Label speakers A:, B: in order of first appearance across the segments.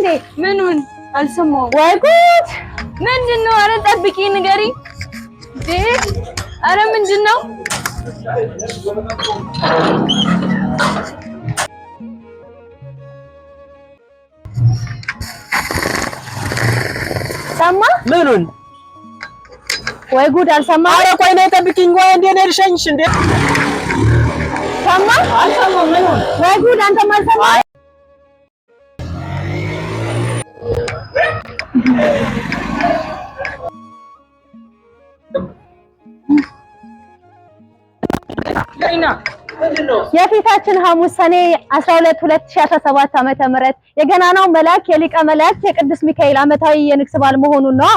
A: እንዴ?
B: ምኑን አልሰማሁም።
A: ወይ ጉድ!
B: ምንድን ነው? አረ ጠብቂ ንገሪ። አረ ምንድን ነው?
A: ሰማ ምኑን? ወይ ጉድ! አልሰማ።
C: አረ ቆይ ነይ ጠብቂኝ። ወይ እንዴ ነይ እንዴ? ሰማ አልሰማ። ምኑን?
A: ወይ ጉድ! አንተም አልሰማ የፊታችን ሐሙስ ሰኔ 12 2017 ዓመተ ምህረት የገናናው መልአክ የሊቀ መልአክ የቅዱስ ሚካኤል ዓመታዊ የንግስ በዓል መሆኑን ነው።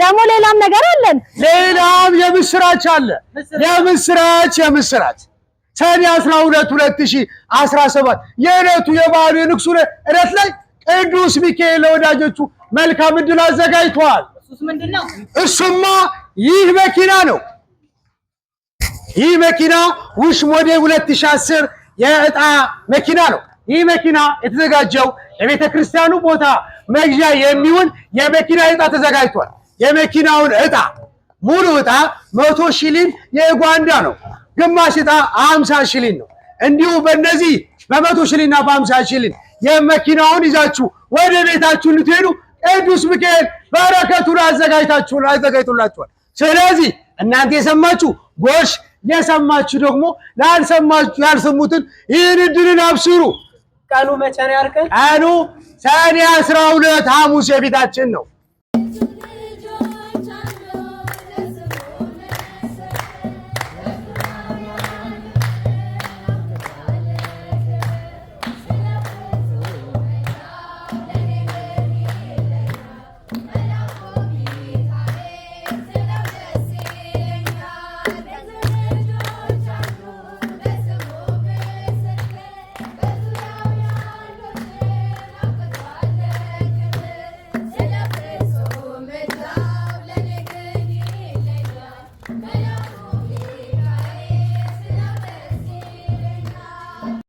A: ደግሞ ሌላም ነገር አለን።
D: ሌላም የምስራች አለ። የምስራች የምስራች ሰኔ 12 2017 የዕለቱ የበዓሉ የንግሱ ዕለት ላይ ቅዱስ ሚካኤል ለወዳጆቹ መልካም እድል አዘጋጅቷል። እሱማ ይህ መኪና ነው። ይህ መኪና ውሽ ሞዴል 2010 የእጣ መኪና ነው። ይህ መኪና የተዘጋጀው ለቤተ ክርስቲያኑ ቦታ መግዣ የሚሆን የመኪና እጣ ተዘጋጅቷል። የመኪናውን እጣ ሙሉ እጣ መቶ ሺሊን የኡጋንዳ ነው። ግማሽ እጣ አምሳ ሺሊን ነው። እንዲሁ በእነዚህ በመቶ ሽልና በአምሳ ሽልን የመኪናውን ይዛችሁ ወደ ቤታችሁ ልትሄዱ ቅዱስ ሚካኤል በረከቱን አዘጋጅታችሁ አዘጋጅቶላችኋል። ስለዚህ እናንተ የሰማችሁ ጎሽ፣ የሰማችሁ ደግሞ ላልሰማችሁ ያልሰሙትን ይህን እድልን አብስሩ።
A: ቀኑ መቼ ነው ያልከኝ?
D: ቀኑ ሰኔ አስራ ሁለት ሐሙስ የፊታችን ነው።